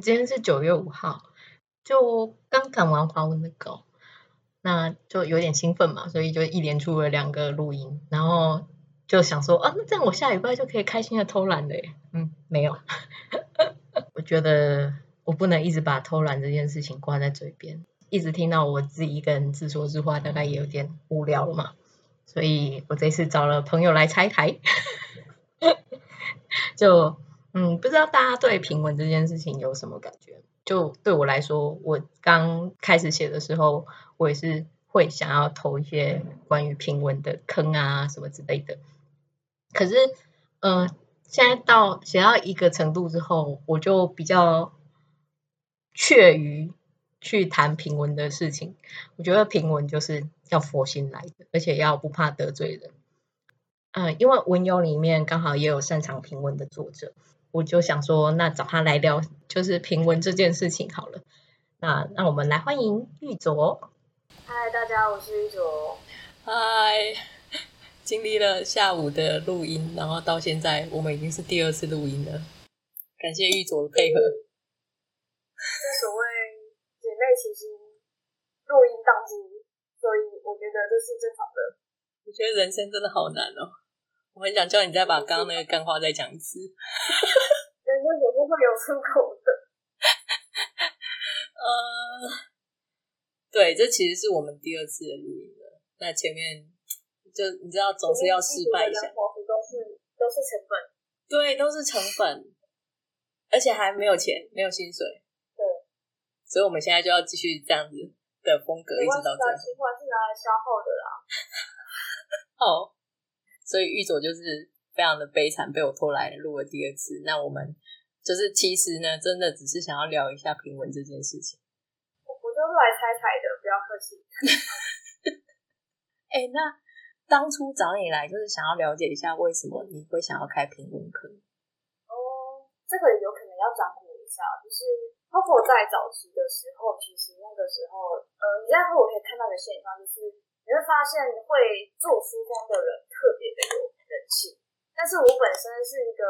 今天是九月五號，就剛趕完華文的狗、哦，那就有點興奮嘛，所以就一連出了兩個錄音，然後就想說，啊，那這樣我下禮拜就可以開心的偷懶嘞。嗯，沒有， 我覺得我不能一直把偷懶這件事情掛在嘴邊，一直聽到我自己一個人自說自話，大概也有點無聊了嘛，所以我這次找了朋友來拆台， 就。嗯，不知道大家對評文這件事情有什麼感覺？就對我來說，我剛開始寫的時候，我也是會想要投一些關於評文的坑啊什麼之類的。可是，呃，現在到寫到一個程度之後，我就比較怯於去談評文的事情。我覺得評文就是要佛心來的，而且要不怕得罪人。嗯、呃，因為文友裡面剛好也有擅長評文的作者。我就想說，那找他來聊，就是評文這件事情好了。那那我們來歡迎御佐。嗨，大家，我是御佐。嗨，經歷了下午的錄音，然後到現在，我們已經是第二次錄音了。感謝御佐的配合。正所謂姐妹齊心，錄音當機，所以我覺得這是最好的。我覺得人生真的好難哦。我很想叫你再把剛剛那個幹話再講一次，哈哈哈哈哈，因為會有出口的，哈、 呃、對，這其實是我們第二次的錄音了。嗯、那前面就你知道，總是要失敗一下。所有的活都是都是成本，對，都是成本， 而且還沒有錢，沒有薪水，對。所以我們現在就要繼續這樣子的風格，一直到這樣。情懷是拿來消耗的啦，好、 哦。所以御佐就是非常的悲慘，被我拖來錄了第二次。那我們就是其實呢，真的只是想要聊一下評文這件事情。我就是來拆台的，不要客氣。哎、 欸，那當初找你來就是想要了解一下為什麼你會想要開評文課？哦、嗯，這個也有可能要掌握一下，就是包括在早期的時候，其實那個時候，呃，你在後我可以看到的現象就是。你會發現會做書風的人特別的有人氣，但是我本身是一個，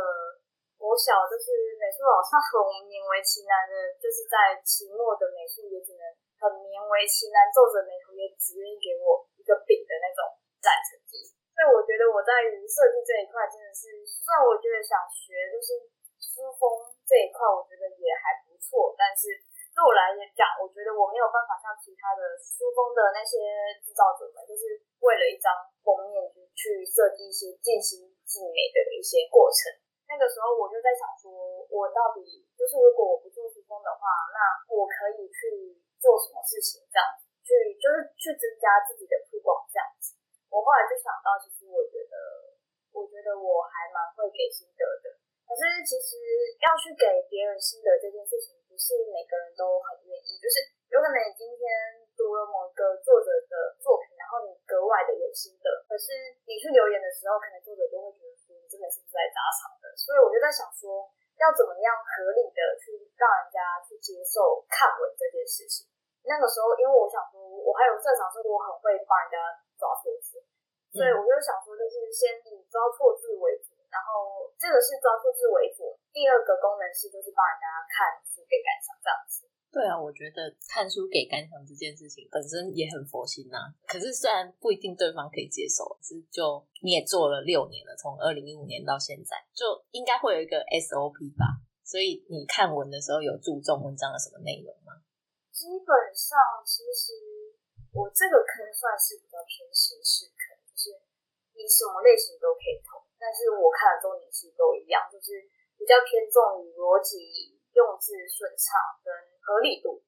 我小就是美術老師很勉為其難的，就是在期末的美術也只能很勉為其難皺着眉頭也只願意給我一個餅的那種爛成績，所以我覺得我在設計這一塊真的是，雖然我覺得想學就是書風這一塊，我覺得也還不錯，但是。對我來講，我覺得我沒有辦法像其他的書封的那些製造者們，就是為了一張封面就去設計一些盡心盡美的一些過程。嗯、那個時候我就在想說，說我到底就是如果我不做書封的話，那我可以去做什麼事情，這樣去就是去增加自己的曝光，這樣子。我後來就想到，其實我覺得，我覺得我還蠻會給心得的。可是其實要去給別人心得這件事情，不是每合理的去讓人家去接受看文這件事情。那個時候，因為我想說，我還有社長是我很會幫人家抓錯字，所以我就想說，就是先以抓錯字為主，然後這個是抓錯字為主，第二個功能是就是幫人家看書給感想這樣子。對啊，我覺得看書給感想這件事情本身也很佛心吶、啊。可是雖然不一定對方可以接受，是就你也做了六年了，從二零一五年到現在，就應該會有一個 SOP 吧。所以你看文的時候有注重文章的什麼內容嗎？基本上，其實我這個坑算是比較偏形式坑，就是你什麼類型都可以投，但是我看的重點其實都一樣，就是比較偏重於邏輯、用字順暢跟合理度，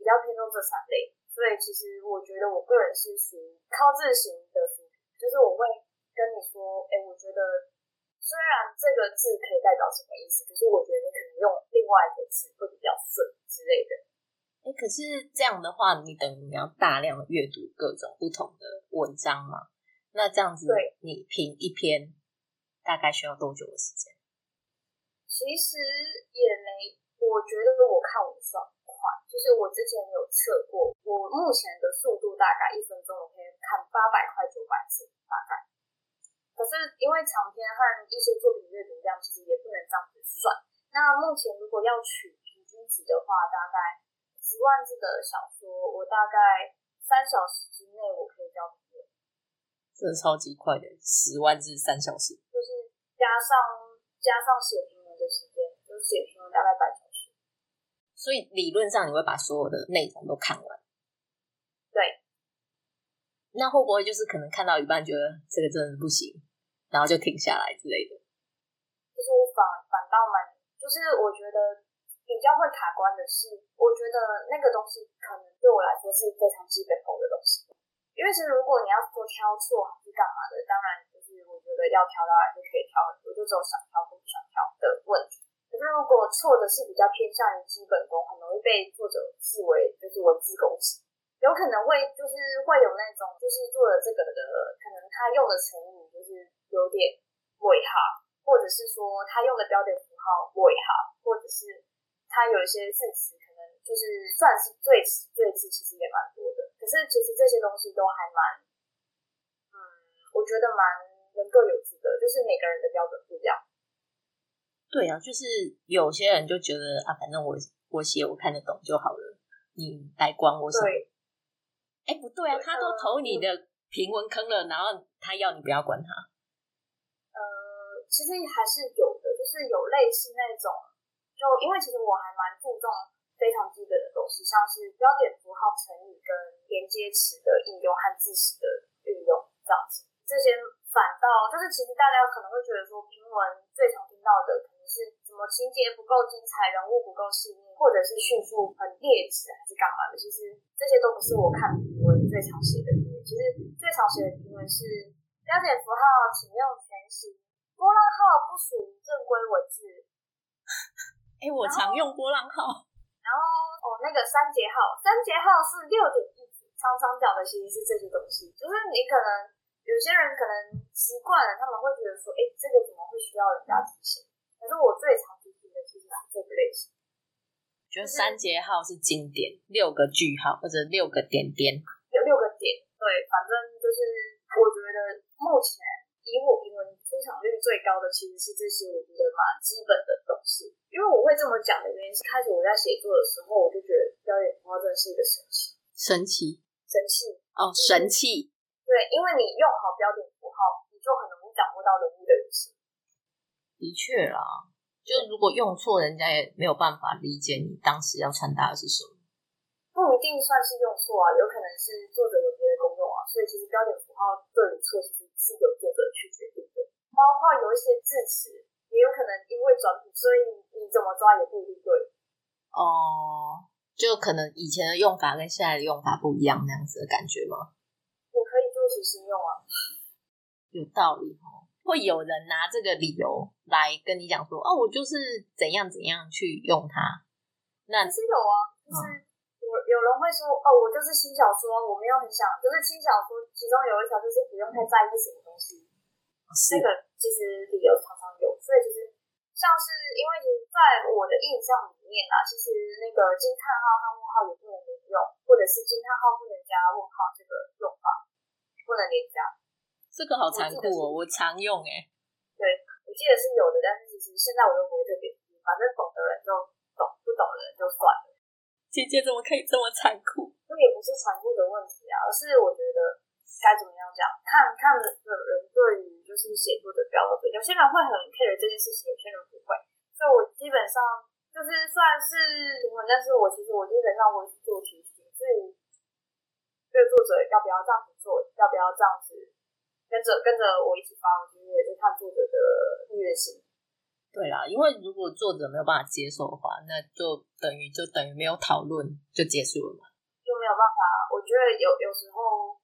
比較偏重這三類。所以其實我覺得我個人是屬於靠字型的書，就是我會跟你說，哎、欸，我覺得。雖然這個字可以代表什麼意思，可是、就是我覺得你可能用另外一個字會比較順之類的。哎、欸，可是這樣的話，你等於你要大量的閱讀各種不同的文章嘛。那這樣子，你評一篇大概需要多久的時間？其實也沒，我覺得如果看文算快，就是我之前有測過，我目前的速度大概一分鐘我可以看八百塊九百字，大概。可是因為長篇和一些作品閱讀量其實也不能這樣子算。那目前如果要取平均值的話，大概十萬字的小說，我大概三小時之內我可以讀完。真的超級快的，十萬字三小時。就是加上加上寫評文的時間，就寫評文大概半小時。所以理論上你會把所有的內容都看完。對。那會不會就是可能看到一半，覺得這個真的不行？然後就停下來之類的，就是反反倒嘛，就是我覺得比較會卡關的是，我覺得那個東西可能對我來說是非常基本功的東西。因為其實如果你要說挑錯還是幹嘛的，當然就是我覺得要挑的話是可以挑很多，我就只有想挑跟不想挑的問題。可是如果錯的是比較偏向於基本功，很容易被作者視為就是文字攻擊。有可能會就是會有那種就是做了這個的，可能他用的成語。有點尾哈，或者是說他用的標點符號尾哈，或者是他有一些字詞可能就是算是贅詞，贅詞其實也蠻多的。可是其實這些東西都還蠻，嗯，我覺得蠻人各有志的，就是每個人的標準不一樣。對啊，就是有些人就覺得啊，反正我我寫我看得懂就好了，你來管我什麼。哎對、欸，不對啊，的他都投你的評文坑了，嗯、然後他要你不要管他。其實還是有的，就是有類似那種，就因為其實我還蠻注重非常基本的東西，像是標點符號、成語跟連接詞的，的運用和字詞的運用這樣子。這些反倒就是其實大家可能會覺得說，評文最常聽到的可能是什麼情節不夠精彩、人物不夠細膩，或者是敘述很劣質，還是幹嘛的？其實就是這些都不是我看評文最常寫的點。其實最常寫的評文是標點符號，請用全形。號不屬於正規文字。哎、欸，我常用波浪號。然後,然後哦，那個三節號，三節號是六點一，常常講的其實是這些東西。就是你可能有些人可能習慣了，他們會覺得說：“哎、欸，這個怎麼會需要人家提醒？”可是我最常提醒的其實是這個類型，就是三節號是經典，六個句號或者六個點點，有六個點，對，反正就是我覺得目前。以我評文出場率最高的，其實是這些我覺得蠻基本的東西。因為我會這麼講的原因是，開始我在寫作的時候，我就覺得標點符號真的是一個神器，神器奇，神器奇哦，神器。對，因為你用好標點符號，你就很容易掌握到人物的意思。的確啦，就如果用錯，人家也沒有辦法理解你當時要傳達的是什麼。不一定算是用錯啊，有可能是作者有別的功用啊。所以其實標點符號對與錯，其是有個人去決定的，包括有一些字詞也有可能因為轉品，所以你怎麼抓也不一定對。哦，就可能以前的用法跟現在的用法不一樣，那樣子的感覺嗎？我可以做實心用啊，有道理。會有人拿這個理由來跟你講說，哦，我就是怎樣怎樣去用它。那是有啊，就是、嗯。有人會說哦，我就是輕小說，我沒有很想。可是輕小說其中有一條就是不用太在意什麼東西，這、嗯、個其實理由常常有。所以其實像是因為，你在我的印象裡面啊，其、就、實、是、那個驚嘆號和問號也不能連用，或者是驚嘆號不能加問號，這個用法不能連加。這個好殘酷哦，我常用哎、欸。對，我記得是有的，但是其實現在我都不會特別記。反正懂的人就懂，不懂的人就算了。姐姐怎麼可以這麼殘酷？這也不是殘酷的問題啊，而是我覺得該怎麼樣講，看看的人對於就是寫作的標準，有些人會很 care 這件事情，有些人不會。所以我基本上就是算是，但是我其實我基本上我是做題型，所以這個作者要不要這樣子做，要不要這樣子跟着跟着我一起幫，其實也是看作者的音樂性。對啦、啊，因為如果作者沒有辦法接受的話，那就等於就等於沒有討論就結束了嘛，就沒有辦法。我覺得有有時候，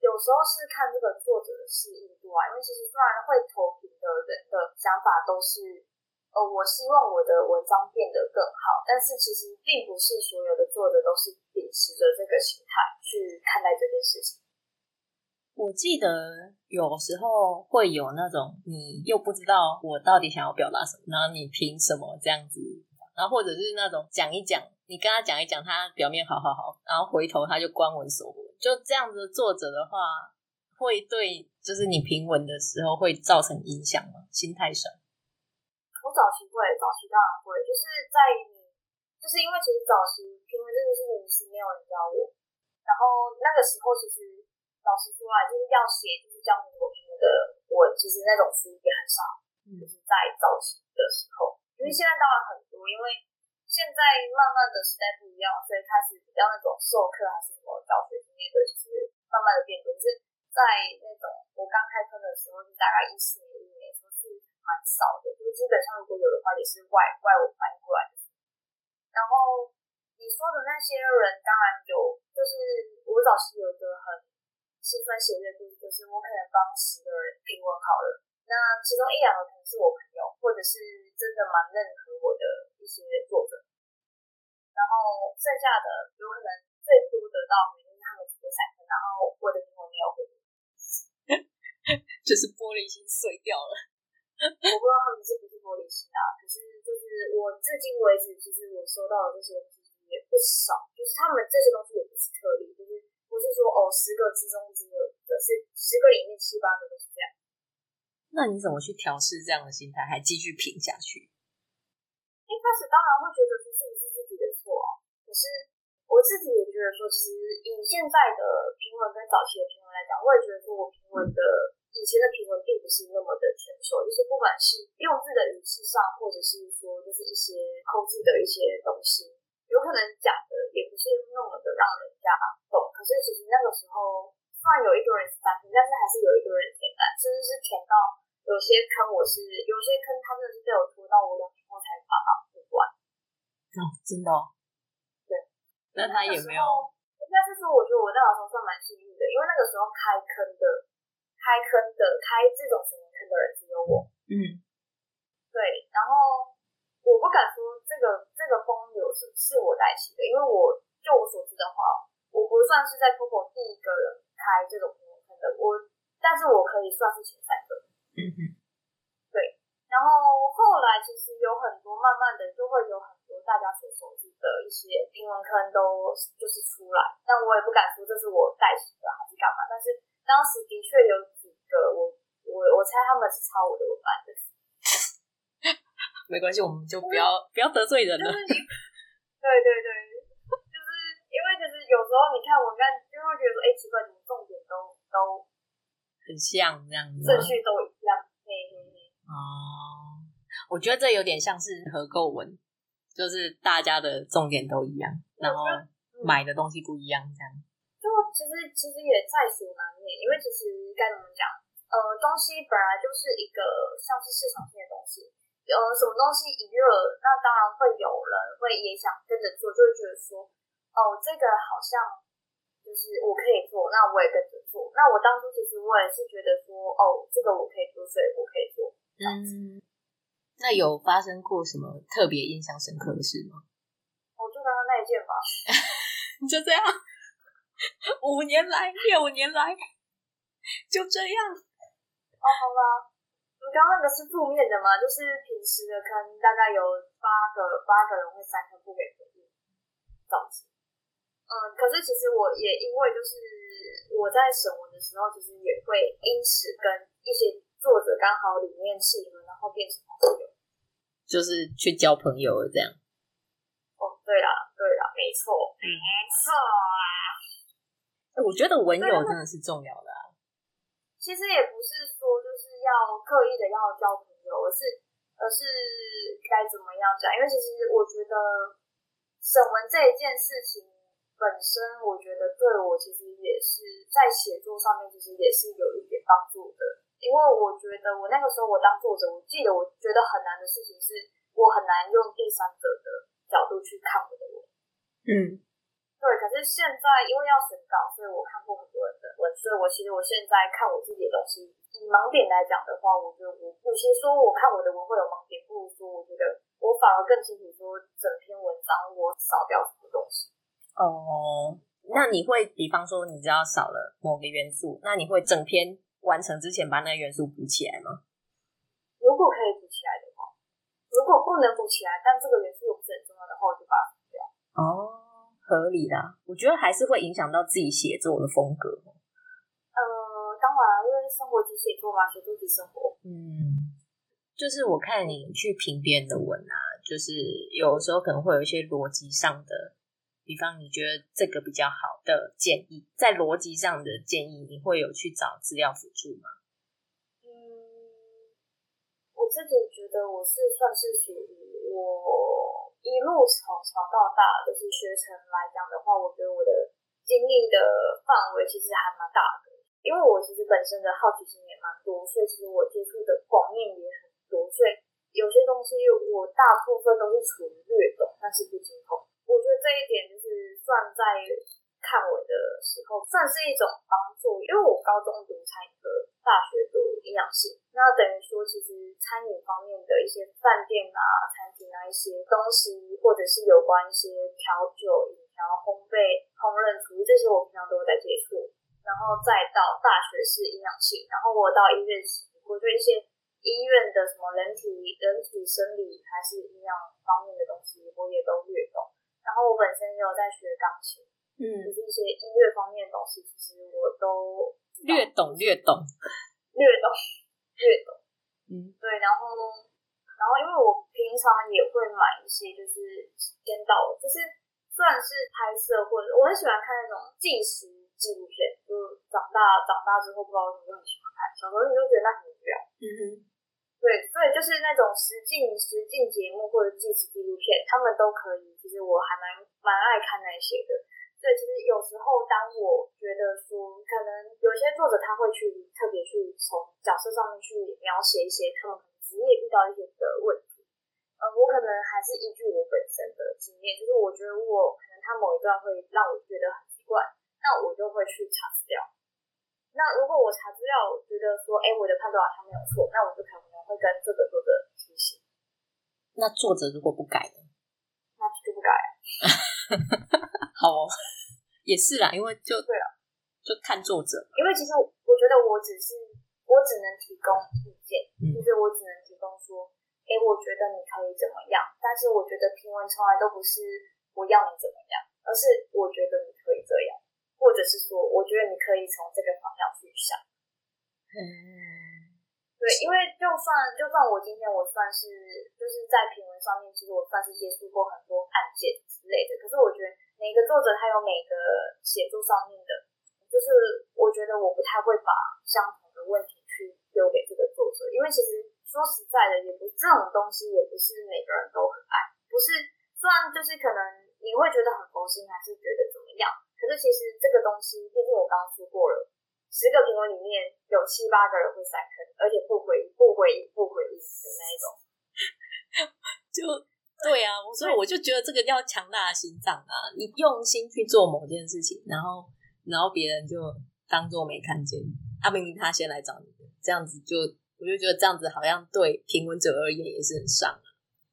有時候是看這個作者的適應度啊。因為其實雖然會投評的人的想法都是，呃、哦，我希望我的文章變得更好，但是其實並不是所有的作者都是秉持着這個心態去看待這件事情。我記得有時候會有那種你又不知道我到底想要表達什麼，然後你憑什麼這樣子？然後或者是那種講一講，你跟他講一講，他表面好好好，然後回頭他就關文鎖國，就這樣子的作者的話會對，就是你評文的時候會造成影響嗎？心態上，我早期會，早期當然會，就是在於你就是因為其實早期評文真的是沒有人邀我，然後那個時候其實。老師說啊，就是要寫就是教國文的，我其實那種書也很少，就是在早期的時候，嗯、因為現在當然很多，因為現在慢慢的時代不一樣，所以它是比較那種授課還是什麼教學之類的，那個、就是慢慢的變多。就是在那種我剛開課的時候，就是大概一四年五年，書、就是蠻少的，就是基本上如果有的話，也是外外文翻過來。然後你說的那些人，當然有，就是我早期有很。分享故事，就是我可能幫十個人評論，好了，那其中一兩個可能是我朋友，或者是真的蠻認可我的一些作者，然後剩下的有可能最多得到明明他們幾個閃客，然後我的朋友沒有回 就是玻璃心碎掉了。 我不知道他們是不是玻璃心啊，可是就是我至今為止，其實我收到的這些東西也不少，就是他們這些東西也不是特例，就是。不是說哦，十個之中只有的，是十個裡面七八個都是這樣。那你怎麼去調適這樣的心態，還繼續評下去？一開始當然會覺得這是不是自己的錯，啊，可是我自己也覺得說，其實以現在的評文跟早期的評文來講，我也覺得說我評文的以前的評文並不是那麼的成熟，就是不管是用字的語氣上，或者是說就是一些控制的一些東西。有可能講的也不是那麼的讓人家懂，可是其實那個時候雖然有一堆人是單平，但是還是有一堆人點讚，甚至是填到有些坑，我是有些坑，他真的是被我拖到我兩天後才把它補完。哦，真的？嗯、對。那他也沒有，應該是說，那個那個，我覺得我在網蟲算蠻幸運的，因為那個時候開坑的、開坑的、開這種什麼坑的人只有我。嗯。對，然後，我不敢說這個這個風流是，是是我帶起的，因為我就我所知的話，我不算是在 POPO 第一個人開這種評文坑的，我但是我可以算是前三個。 對。然後後來其實有很多，慢慢的就會有很多大家所熟知的一些評文坑都就是出來，但我也不敢說這是我帶起的還是幹嘛，但是當時的確有幾個，我我我猜他們是抄我的文案的沒關係，我們就不要、嗯、不要得罪人了。對對對，就是因為就是有時候你看，我剛就會覺得說，哎、欸，奇怪，你們重點都都很像，這樣子順序都一樣。嘿嘿嘿，哦，我覺得這有點像是合購文，就是大家的重點都一樣，然後買的東西不一樣，這樣。就其實其實也在所難免，因為其實該怎麼講，呃，東西本來就是一個像是市場性的東西。有什麼東西一熱，那當然會有人會也想跟着做，就會覺得說，哦，這個好像就是我可以做，那我也跟着做。那我當初其實我也是覺得說，哦，這個我可以做，所以我可以做。嗯，那有發生過什麼特別印象深刻的事嗎？我就、哦、剛剛那一件吧， 你就這樣，五年來，六年來，就這樣。哦，好吧剛剛那個是負面的嗎？就是平時的坑，大概有八個八個人會刪坑，不給回應，導致。嗯，可是其實我也因為就是我在審文的時候，其實也會因此跟一些作者剛好理念契合，然後變成朋友，就是去交朋友了這樣。哦，對啦對啦，沒錯，沒錯啊！我覺得文友真的是重要的啊。其實也不是說就是要刻意的要交朋友，而是而是該怎麼樣講？因為其實我覺得審文這一件事情本身，我覺得對我其實也是在寫作上面，其實也是有一點幫助的。因為我覺得我那個時候我當作者，我記得我覺得很難的事情是我很難用第三者的角度去看我的我，嗯。對，可是現在因為要審稿，所以我看過很多人的文，所以我其實我現在看我自己的東西，以盲點來講的話，我就我有些說我看我的文會有盲點，不如說我覺得我反而更清楚說整篇文章我少掉什麼東西。哦，那你會，比方說你知道少了某個元素，那你會整篇完成之前把那個元素補起來嗎？如果可以補起來的話，如果不能補起來，但這個元素又不是很重要的話，我就把它補掉。哦。合理啦，我覺得還是會影響到自己寫作的風格。呃，當然啊，因為生活即寫作嘛，寫作即生活。嗯，就是我看你去評別人的文啊，就是有時候可能會有一些邏輯上的，比方你覺得這個比較好的建議，在邏輯上的建議，你會有去找資料輔助嗎？嗯，我自己覺得我是算是屬於我，一路從小到大，就是學成來講的話，我覺得我的經歷的範圍其實還蠻大的，因為我其實本身的好奇心也蠻多，所以其實我接觸的廣面也很多，所以有些東西我大部分都是處於略懂，但是不精通。我覺得這一點就是賺在看我的時候算是一種幫助，因為我高中讀餐飲科，大學讀營養系，那等於說其實餐飲方面的一些飯店啊、餐廳啊一些東西，或者是有關一些調酒、飲料、烘焙、烹飪、廚藝這些，我平常都有在接觸。然後再到大學是營養系，然後我到醫院時，我對一些醫院的什麼人體、人體生理還是營養方面的東西，我也都略懂。然後我本身也有在學鋼琴。嗯，就是一些音樂方面的東西，其實我都略懂略懂，略懂略懂。略懂。嗯，對。然後，然後，因為我平常也會買一些，就是先導，就是算是拍攝或者我很喜歡看那種紀實紀錄片。就長大長大之後不知道為什麼你很喜歡看，小時候你就覺得那很無聊。嗯哼，對，所以就是那種實境實境節目或者紀實紀錄片，他們都可以。其實我還蠻蠻愛看那些的。對，其實有時候，當我覺得說，可能有些作者他會去特別去從角色上面去描寫一些他們可能職業遇到一些的問題，呃，我可能還是依據我本身的經驗，就是我覺得如果可能他某一段會讓我覺得很奇怪，那我就會去查資料。那如果我查資料我覺得說，哎，我的判斷好像沒有錯，那我就可能會跟這個作者提醒。那作者如果不改那就不改。 好哦。也是啦，因為就對啊啦，就看作者。因為其實我覺得我只是我只能提供意見，就是、嗯、我只能提供說，哎、欸，我覺得你可以怎麼樣。但是我覺得評文從來都不是我要你怎麼樣，而是我覺得你可以這樣，或者是說我覺得你可以從這個方向去想。嗯，對，因為就算就算我今天我算是就是在評文上面，其實我算是接觸過很多案件之類的，可是我覺得。每個作者他有每個寫作上面的，就是我覺得我不太會把相同的問題去丟給這個作者，因為其實說實在的，也不這種東西也不是每個人都很愛，不是雖然就是可能你會覺得很佛心，還是覺得怎麼樣，可是其實這個東西，畢竟我剛剛說過了，十個評論裡面有七八個人會踩坑，而且不回、不回、不回應的那一種，就。對啊，所以我就覺得這個要強大的心臟啊！你用心去做某件事情，然後然後別人就當做沒看見。阿、啊、明明他先來找你，這樣子就我就覺得這樣子好像對評文者而言也是很傷、啊。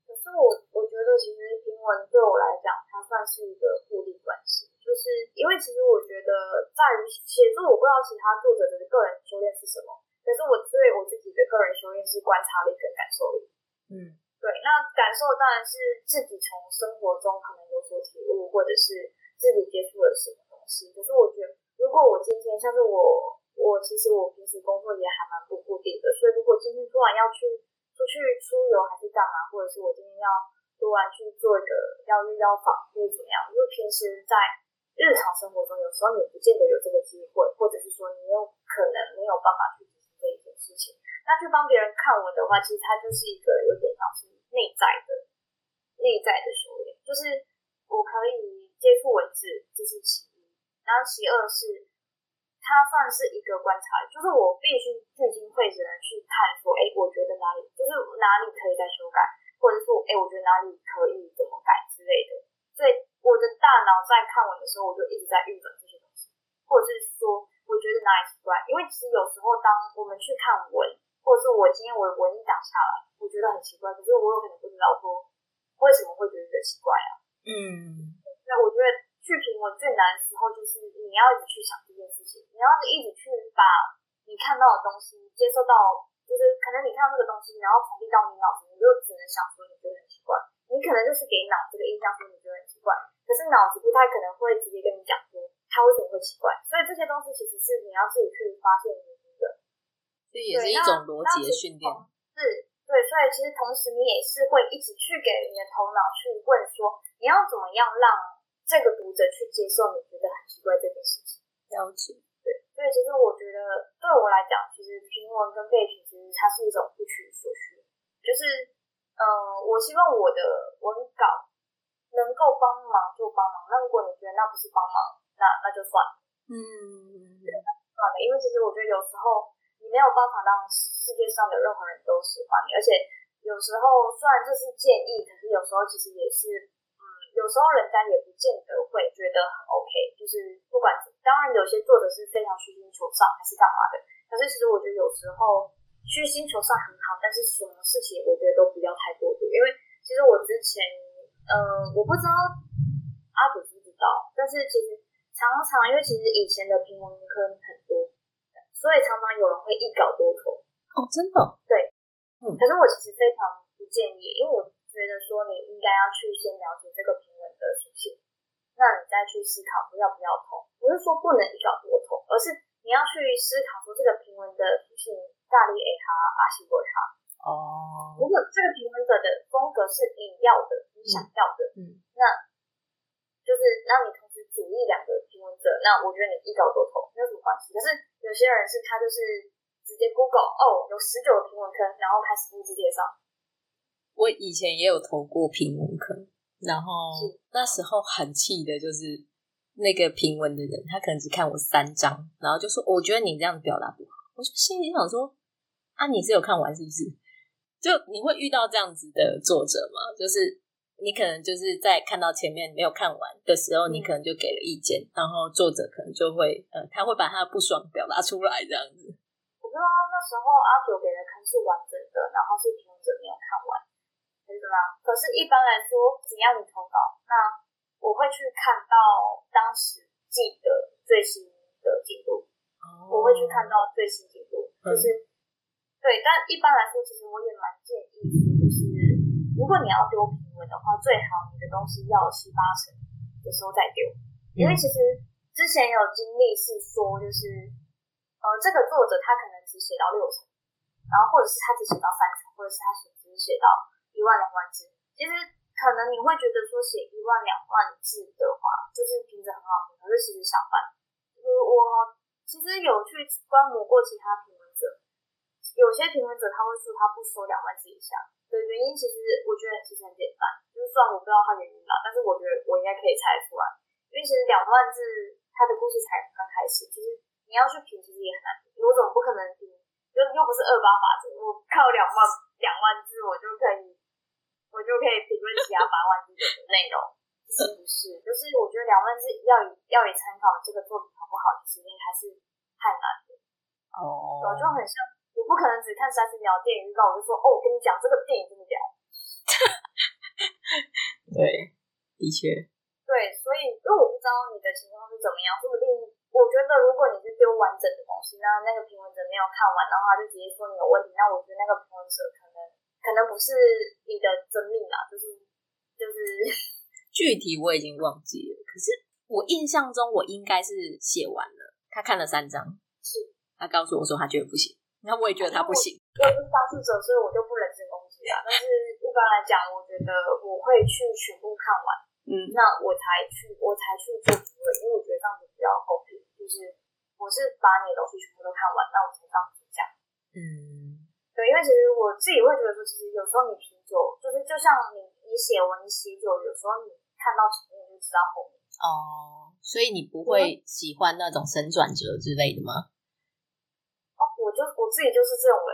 可是我我覺得其實評文對我來講，它算是一個互利關係，就是因為其實我覺得在於寫作，我不知道其他作者的個人修煉是什麼，可是我對我自己的個人修煉是觀察力跟感受力。嗯。對，那感受當然是自己從生活中可能有所體悟，或者是自己接觸了什麼東西。可是我覺得，如果我今天像是我，我其實我平時工作也還蠻不固定的，所以如果今天突然要去出去出遊還是幹嘛，或者是我今天要突然去做一個要療癒療或者怎麼樣？因為平時在日常生活中，有時候你不見得有這個機會，或者是說你有可能沒有辦法去執行這一件事情。他去幫別人看文的話，其實他就是一個有點像是內在的、內在的修煉。就是我可以接觸文字，這是其一；然後其二是他算是一個觀察，就是我必須聚精會神的人去看，說，哎，我覺得哪裡就是哪裡可以再修改，或者是哎、欸，我覺得哪裡可以怎麼改之類的。所以我的大腦在看文的時候，我就一直在預感這些東西，或者是說，我覺得哪裡奇怪，因為其實有時候當我們去看文。或者是我今天我我一講下來，我覺得很奇怪，可是我有可能不知道說為什麼會覺得奇怪啊。嗯，那我覺得去評文最難的時候，就是你要一直去想這件事情，你要一直去把你看到的東西接受到，就是可能你看到這個東西，然後傳遞到你腦子，你就只能想說你覺得很奇怪，你可能就是給腦子的印象說你覺得很奇怪，可是腦子不太可能會直接跟你講說他為什麼會奇怪，所以這些東西其實是你要自己去發現。這也是一種邏輯的訓練，是對，所以其實同時你也是會一直去給你的頭腦去問說，你要怎麼樣讓這個讀者去接受你覺得很奇怪這件事情？了解級。對，所以其實我覺得對我來講，其實評文跟被評其實它是一種不取所需，就是嗯、呃，我希望我的文稿能夠幫忙就幫忙，那如果你覺得那不是幫忙，那那就算了，嗯，算了，因為其實我覺得有時候。你沒有辦法讓世界上的任何人都喜歡你，而且有時候雖然這是建議，可是有時候其實也是，嗯，有時候人家也不見得會覺得很 OK，就是不管當然有些作者是非常虛心求上還是幹嘛的，可是其實我覺得有時候虛心求上很好，但是什麼事情我覺得都不要太過度，因為其實我之前，嗯、呃，我不知道阿祖知不知道，但是其實常常因為其實以前的評文坑很多。所以常常有人會一稿多投。哦，真的對，可是我其實非常不建議，嗯、因為我覺得說你應該要去先了解這個評文的屬性，那你再去思考不要不要投，不是說不能一稿多投，而是你要去思考說這個評文的屬性大力愛他阿西不愛他哦，uh、如果這個評文者的風格是你要的，嗯、你想要的，嗯，那，那就是讓你。五億兩個評文者，那我覺得你一稿多投沒有什麼關係。可是有些人是他就是直接 Google，哦，有十九個評文坑，然後開始一直介紹。我以前也有投過評文坑，然後那時候很氣的就是那個評文的人，他可能只看我三章，然後就說，我覺得你這樣表達不好，我就心裡想說，啊，你是有看完是不是？就你會遇到這樣子的作者嗎？就是。你可能就是在看到前面沒有看完的時候，你可能就給了意見，嗯、然後作者可能就會，呃、嗯，他會把他的不爽表達出來這樣子。我知道那時候阿九給的看是完整的，然後是讀者沒有看完，對。是嗎？可是，一般來說，只要你投稿，那我會去看到當時記得最新的進度，哦、我會去看到最新進度，就是、嗯、對。但一般來說，其實我也蠻建議，就是如果你要丟。的話，最好你的東西要七八成的時候再丟，因為其實之前有經歷是說，就是呃，這個作者他可能只寫到六成，然後或者是他只寫到三成，或者是他寫，只寫到一萬兩萬字。其實可能你會覺得說寫一萬兩萬字的話，就是平時很好，可是其實相反，我、就是、我其實有去觀摩過其他評論者，有些評論者他會說他不收兩萬字以下的原因其實我覺得其實很簡單，就算我不知道他原因吧，但是我覺得我應該可以猜出來，因為其實兩萬字他的故事才剛開始，其實你要去評，其實也很難評。我怎麼不可能評？又又不是二八法則，我靠兩萬兩萬字我就可以我就可以評論其他八萬字的內容，是不是？就是我覺得兩萬字要以要以參考這個作品好不好，其實還是太難的哦，就很像。我不可能只看三十秒電影預告，我就說哦，我跟你講這個電影這麼屌。 對，的確，對，所以因為我不知道你的情況是怎麼樣，說不定我覺得如果你是丟完整的東西，那那個評論者沒有看完的話，就直接說你有問題。那我覺得那個評論者可能可能不是你的真命啊，就是就是具體我已經忘記了，可是我印象中我應該是寫完了，他看了三章。是。他告訴我說他覺得不行。那我也覺得他不行，因為是當事者，所以我就不人身攻擊啊。但是一般來講，我覺得我會去全部看完，嗯，那我才去，我才去做評論，因為我覺得這樣子比較公平。就是我是把你的東西全部都看完，那我才當評價，嗯，對，因為其實我自己會覺得說，其實有時候你啤酒，就是就像你你寫文寫酒，有時候你看到前面，你就知道後面。哦，所以你不會喜歡那種神轉折之類的嗎？我就我自己就是這種人，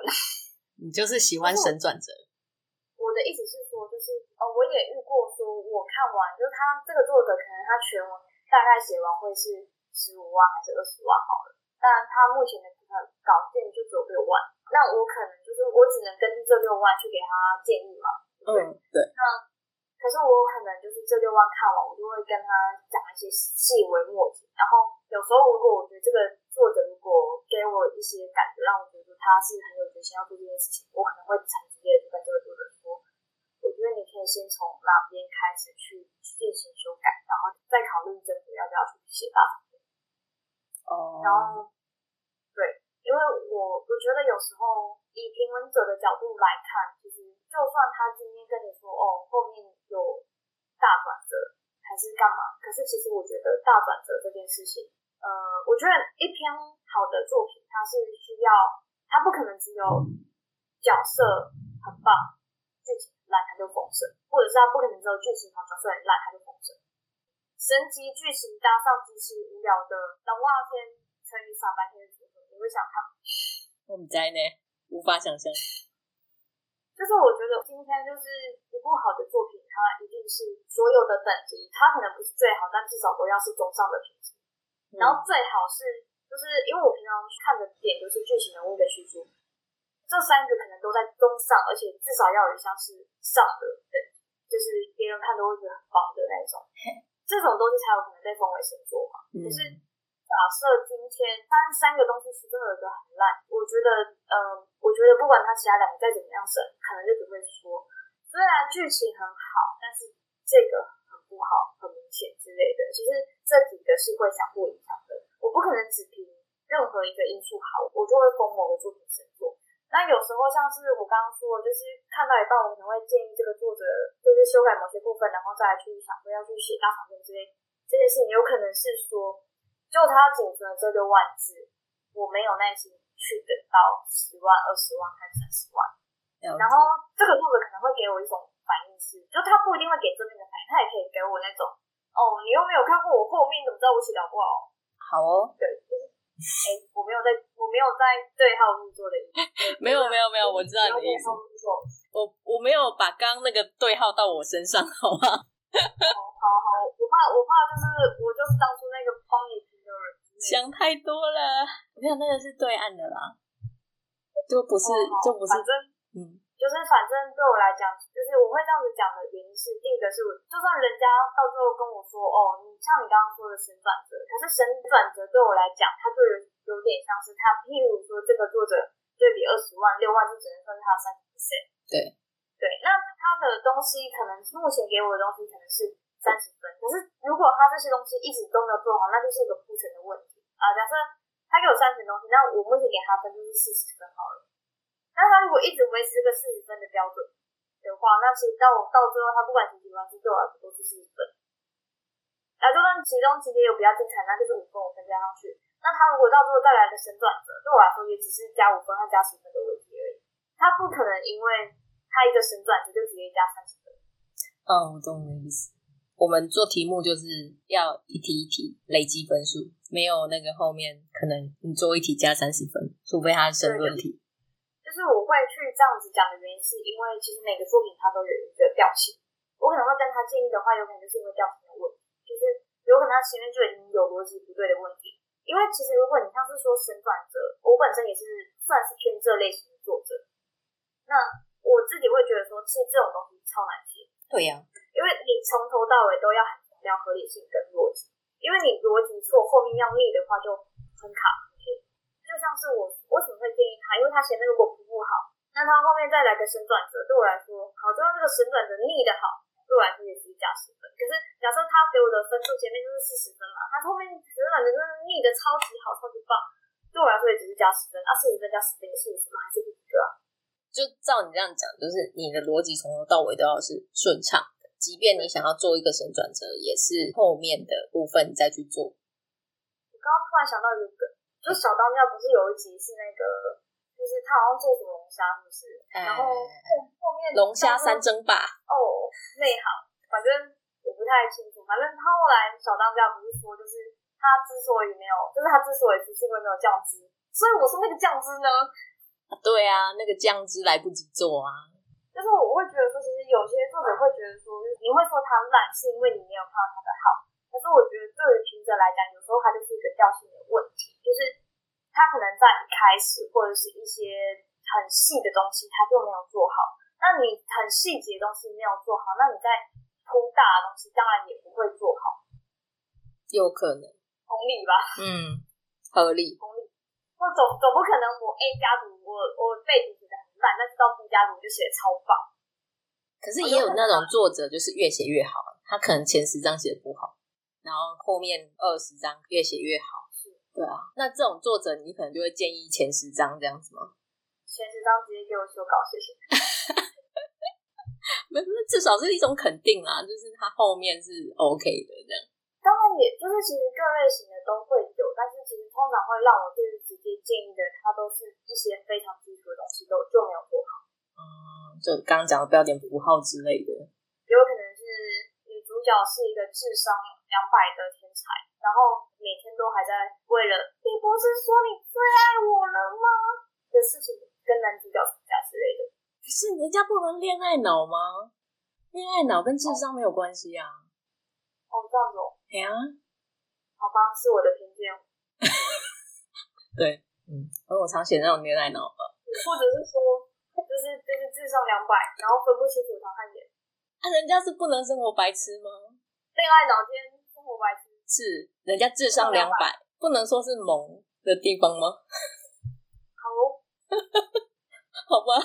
你就是喜歡神轉折。我的意思是說，就是哦，我也遇過，說我看完，就是他這個作者，可能他全文大概寫完會是十五萬還是二十萬好了，但他目前的這個稿件就只有六萬，那我可能就是我只能根據這六萬去給他建議嘛，對對、嗯，對。那可是我可能就是這六萬看完，我就會跟他講一些細微末節，然後。有時候，如果我覺得這個作者如果給我一些感覺，讓我覺得他是很有決心要做這件事情，我可能會直接就跟這個作者說：“我覺得你可以先從哪邊開始去進行修改，然後再考慮整體要不要去寫大哦，um、然後對，因為我我覺得有時候以評文者的角度來看，其實就算他今天跟你說“哦，後面有大轉折還是幹嘛”，可是其實我覺得大轉折這件事情。我覺得一篇好的作品，它是需要，它不可能只有角色很棒，劇情爛它就封神，或者是它不可能只有劇情好，角色很爛它就封神。神級劇情搭上極其無聊的冷掛片乘以傻白甜的節奏，你不會想看？我們在呢，無法想象。就是我覺得今天就是一部好的作品，它一定是所有的等級，它可能不是最好，但至少都要是中上的品質。然後最好是，就是因為我平常看的點就是劇情、人物的敘述，這三個可能都在中上，而且至少要有一項是上的，對，就是別人看都會覺得很棒的那種，這種東西才有可能被封為神作嘛。可、嗯、是假設今天他三個東西是真的有個很爛，我覺得，嗯、呃，我覺得不管他其他兩個再怎麼樣神，可能就只會說，雖然劇情很好，但是這個。不好，很明顯之類的，其實這幾個是會相互影響的。我不可能只憑任何一個因素好，我就會封某個作品神作。那有時候像是我剛剛說的，就是看到一半，我可能會建議這個作者就是修改某些部分，然後再來去想說要去寫大場面之類這件事情。有可能是說，就他僅存的這六萬字，我沒有耐心去等到十萬、二十萬、還是三十萬，了解。然後這個作者可能會給我一種反應是，就他不一定會給正面的牌，他也可以給我那種哦，你又沒有看過我後面，怎麼知道我寫得不好哦？好哦，對，對，對，就是哎，我沒有在，我沒有在對號入座的， 沒有，沒有，沒有，對我知道你。我入座，我沒有把剛那個對號到我身上，好嗎？ 好好好，我怕我怕，就是我就是當初那個噴你瓶想太多了。我沒有那個是對岸的啦，對就不是，哦，就不是，反正嗯。就是反正對我來講，就是我會這樣子講的原因是，第一個是，就算人家到最後跟我說，哦，你像你剛剛說的神轉折，可是神轉折對我來講，他就有點像是，他譬如說這個作者對比二十萬六萬，6萬就只能算是他三十分。對對，那他的東西可能目前給我的東西可能是三十分，可是如果他這些東西一直都沒有做好，那就是一個鋪陳的問題啊。假設他給我三十分東西，那我目前給他分就是四十分好了。那他如果一直維持個四十分的標準的話，那其實到到最後，他不管幾題完事，對我來說都是四十分。啊，就算其中幾點有比較精彩，那就是五分五分加上去。那他如果到最後再來個段的神轉折，對我來說也只是加五分和加十分的問題而已。他不可能因為他一個神轉折就直接加三十分。哦，我懂你的意思。我們做題目就是要一題一題累積分數，沒有那個後面可能你做一題加三十分，除非他是申論題。是我會去這樣子講的原因，是因為其實每個作品它都有一個調性，我可能會跟他建議的話，有可能就是因為調性的問題，就是有可能他前面就已經有邏輯不對的問題。因為其實如果你像是說神轉折，我本身也是算是偏這類型的作者，那我自己會覺得說，其實這種東西超難寫。對呀、啊，因為你從頭到尾都要很強調合理性跟邏輯，因為你邏輯錯，後面要逆的話就很卡。就像是我為什麼會建議他，因為他前面如果鋪不好，那他後面再來個神轉折，對我來說，好，就讓這個神轉折逆的好，對我來說也只是加十分。可是假設他給我的分數前面就是四十分嘛、啊，他後面神轉折真的逆的超級好，超級棒，對我來說也只是加十分。啊，四十分加十分是五十嗎？還是五個啊？就照你這樣講，就是你的邏輯從頭到尾都要是順暢的，即便你想要做一個神轉折，也是後面的部分再去做。我剛剛突然想到一個。就小當家不是有一集是那個，就是他好像做什麼龍蝦，是不是？嗯、然後後後面龍蝦三爭霸哦，內行，反正我不太清楚。反正他後來小當家不是說，就是他之所以沒有，就是他之所以其實因為沒有醬汁，所以我說那個醬汁呢？對啊，那個醬汁來不及做啊。就是我會覺得說，其實有些作者會覺得說，你會說他爛是因為你沒有看到他的好，可是我覺得對於評者來講，有時候他就是一個調性。就是他可能在一開始或者是一些很細的東西，他就沒有做好，那你很細節的東西沒有做好，那你在鋪大的東西當然也不會做好，有可能，同理吧，嗯，合理，同理，那總總不可能我 A 加族我我背景寫的很爛，但是到 B 加族就寫的超棒，可是也有那種作者就是越寫越好，他可能前十章寫的不好，然後後面二十章越寫越好。對啊，那這種作者你可能就會建議前十章這樣子嗎？前十章直接給我修稿，謝謝， 哈哈哈哈，沒，那至少是一種肯定啊，就是他後面是 OK 的這樣。當然，也就是其實各類型的都會有，但是其實通常會讓我就是直接建議的，他都是一些非常基礎的東西，都就沒有做好。嗯，就剛剛講的標點符號之類的，有可能、就是女主角是一個智商兩百的天才，然後每天都還在為了你不是說你最愛我了嗎？的事情跟男主角吵架之類的。可是人家不能戀愛腦嗎？戀愛腦跟智商沒有關係呀、啊。哦，這樣子哦。哎呀，好吧，是我的偏見。 對，嗯，而我常寫那種戀愛腦吧。或者是說，就是就是智商兩百，然後分不清楚他漢演。啊，人家是不能生活白痴嗎？戀愛腦天。我還是人家智商兩百，不能說是萌的地方嗎？好囉， 好吧，好吧，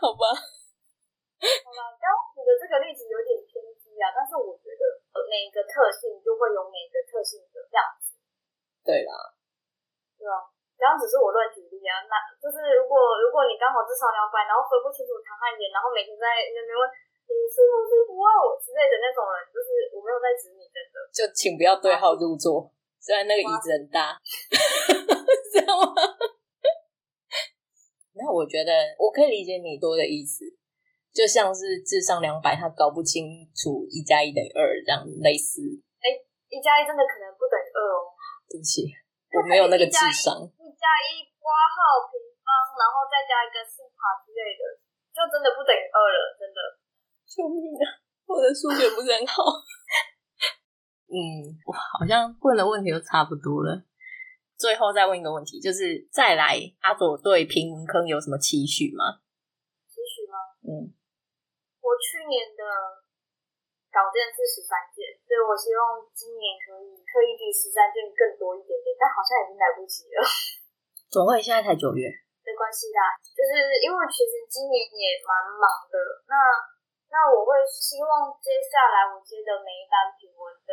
好吧，嗯。剛剛舉的這個例子有點偏激啊，但是我覺得每一個特性就會有每一個特性的樣子。對啦，對啊，剛剛只是我論舉例啊。那就是如果如果你剛好智商兩百，然後分不清楚糖和鹽，然後每天在那邊問，你是我是我之類的那種人，就是我沒有在指你，真的。就請不要對號入座。哇雖然那個椅子很大，哇 知道嗎？沒有 我覺得我可以理解你多的意思，就像是智商兩百，他搞不清楚一加一等於二這樣類似。哎、欸，一加一真的可能不等於二哦。對不起，1, 我沒有那個智商。一加一括號平方，然後再加一個四卡之類的，就真的不等於二了，真的。救命啊！ 我的數學不是很好。 嗯，我好像問的問題都差不多了。最後再問一個問題，就是再來阿佐對評文坑有什麼期許嗎？期許嗎？嗯，我去年的稿件是十三件，所以我希望今年可以刻意比十三件更多一點點，但好像已經來不及了。怎麼會？現在才九月。沒關係啦，就是因為其實今年也蠻忙的那。那我會希望接下來我接的每一單評文的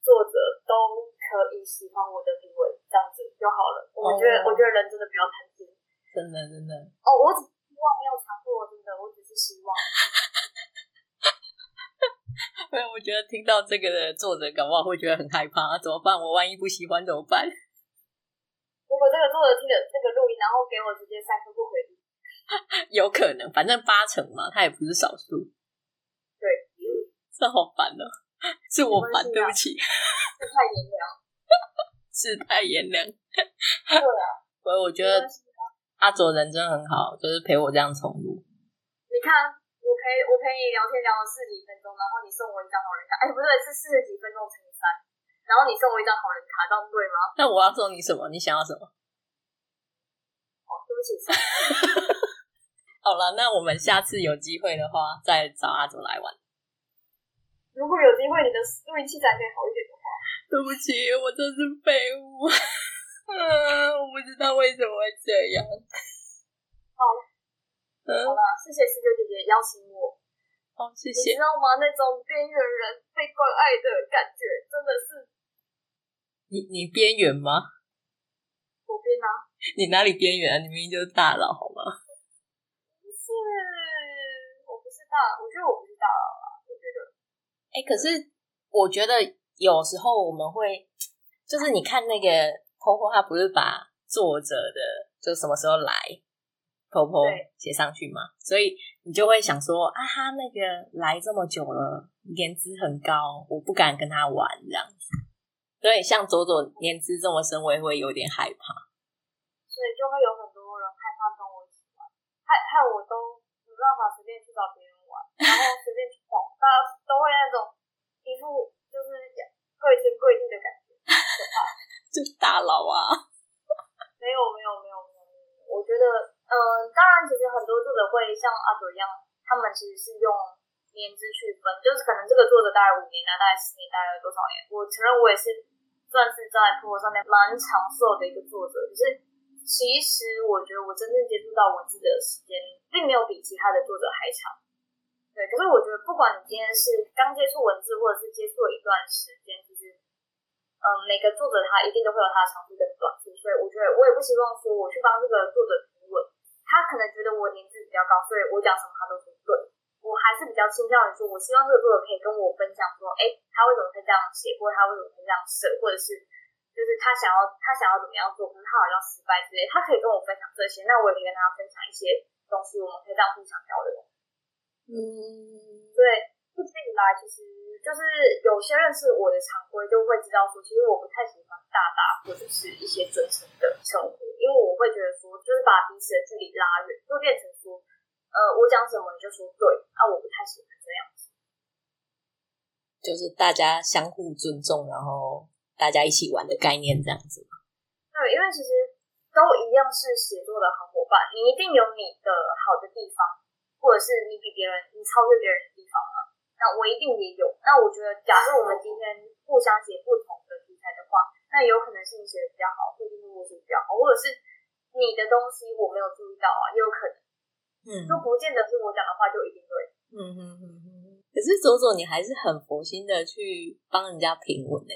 作者都可以喜歡我的評文，這樣子就，就好了。我覺得，oh. 我覺得人真的不要貪心，真的真的。哦，oh, 我只希望沒有強迫，真的，我只是希望。 沒有，我覺得聽到這個的作者，搞不好會覺得很害怕、啊，怎麼辦？我萬一不喜歡怎麼辦？如果這個作者聽的那、這個錄音，然後給我直接三顆不回， 有可能，反正八成嘛，他也不是少數。這好煩了、啊，是我煩，是不是？是啊、對不起。世態炎涼，世態炎涼。對啊，所以我覺得是是、啊、阿佐人真的很好，就是陪我這樣重錄。你看，我陪我陪你聊天聊了四十幾分鐘，然後你送我一張好人卡。哎，不對，是四十幾分鐘乘以三，然後你送我一張好人卡，這樣對嗎？那我要送你什麼？你想要什麼？哦，對不起。是不是 好了，那我們下次有機會的話，再找阿佐來玩。如果有機會，你的錄音器材再好一點的話，對不起，我真是廢物，嗯、 啊，我不知道為什麼會這樣。好了，嗯、好了，謝謝十九姐姐邀請我。好、哦，謝謝。你知道嗎？那種邊緣人被關愛的感覺，真的是……你你邊緣嗎？我邊啊。你哪裡邊緣、啊？你明明就是大佬，好嗎？不是，我不是大，我覺得我不是大佬。哎、欸，可是我覺得有時候我們會，就是你看那個 POPO，她不是把作者的就什麼時候來 POPO 寫上去嘛，對 所以你就會想說，啊哈，他那個來這麼久了，年資很高，我不敢跟他玩這樣子。所以像佐佐年資這麼深，我也會有點害怕。所以就會有很多人害怕跟我一起玩，害害我都沒有辦法隨便去找別人玩，然後。大佬啊 沒，沒有沒有沒有沒有我覺得，嗯、呃，當然，其實很多作者會像阿朵一樣，他們其實是用年資去分，就是可能這個作者大概五年啊，大概十年，大概多少年？我承認我也是算是在 POPO 上面蠻長壽的一個作者，可是其實我覺得我真正接觸到文字的時間，並沒有比其他的作者還長。對，可是我覺得，不管你今天是剛接觸文字，或者是接觸了一段時。嗯，每個作者他一定都會有他的長處跟短處，所以我覺得我也不希望說我去幫這個作者評論，他可能覺得我年紀比較高，所以我講什麼他都不對。我還是比較傾向於說，我希望這個作者可以跟我分享說，哎、欸，他為什麼會這樣寫，或者他為什麼會這樣設，或者是就是他想要他想要怎麼樣做，可能他好像失敗之類，他可以跟我分享這些，那我也可以跟他分享一些東西，我們可以這樣互相交流。嗯，對，一直以來其實。就是有些認識我的常規，就會知道說，其實我不太喜歡大大或者是一些尊稱的稱呼，因為我會覺得說，就是把彼此的距離拉遠，就變成說，呃，我講什麼你就說對啊，我不太喜歡這樣子。就是大家相互尊重，然後大家一起玩的概念這樣子。對，因為其實都一樣是寫作的好伙伴，你一定有你的好的地方，或者是你比別人你超越別人的地方了，啊那我一定也有。那我覺得，假設我們今天互相寫不同的題材的話，那也有可能是你寫的比較好，或者是我寫的比較好，或者是你的東西我沒有注意到啊，也有可能。嗯，就不見得是我講的話就一定對。嗯嗯嗯，嗯，可是佐佐，你還是很佛心的去幫人家評文呢？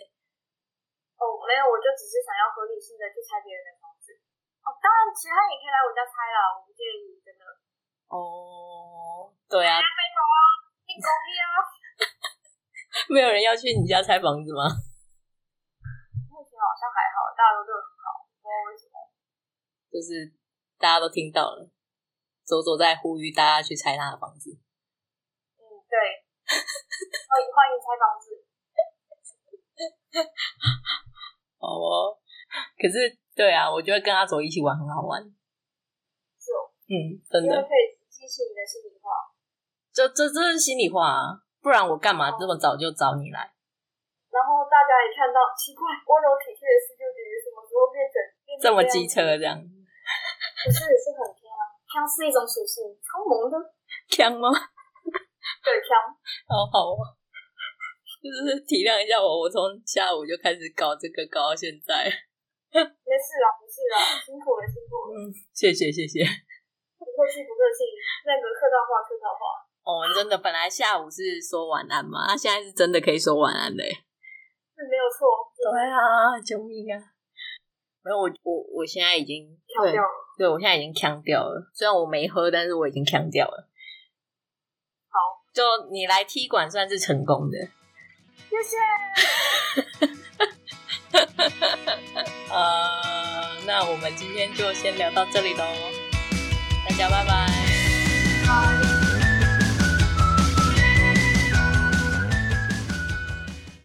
哦，沒有，我就只是想要合理性的去猜別人的房子。哦，當然，其他人也可以來我家猜了，我不介意你真的。哦，對啊。啊！ 沒有人要去你家拆房子嗎？目前，嗯，好像還好，大家都很好。不知道為什麼，就是大家都聽到了，佐佐在呼籲大家去拆他的房子。嗯，對，歡迎， 哦，歡迎拆房子。 哦，可是對啊，我覺得跟阿佐一起玩很好玩。就做嗯，真的這這這是心裡話啊，不然我幹嘛這麼早就找你來、哦？然後大家也看到，奇怪，溫柔體貼的四舅姐姐什麼時候變成這麼機車這樣？可是也是很嗆啊，嗆 是一種屬性，超萌的。嗆嗎？ 對，嗆鏘。好好，哦就是體諒一下我，我從下午就開始搞這個，搞到現在。 沒事啦，沒事啦，辛苦了，辛苦了。嗯，謝謝，謝謝。不客氣，不客氣，那個客套話，客套話。我們、哦、真的本來下午是說晚安嘛，那現在是真的可以說晚安的，欸，這沒有錯。對啊，救命啊！沒有我，我我現在已經嗆掉了。對，我現在已經嗆掉了。雖然我沒喝，但是我已經嗆掉了。好，就你來踢館算是成功的。謝謝。 呃，那我們今天就先聊到這裡嘍，大家拜拜。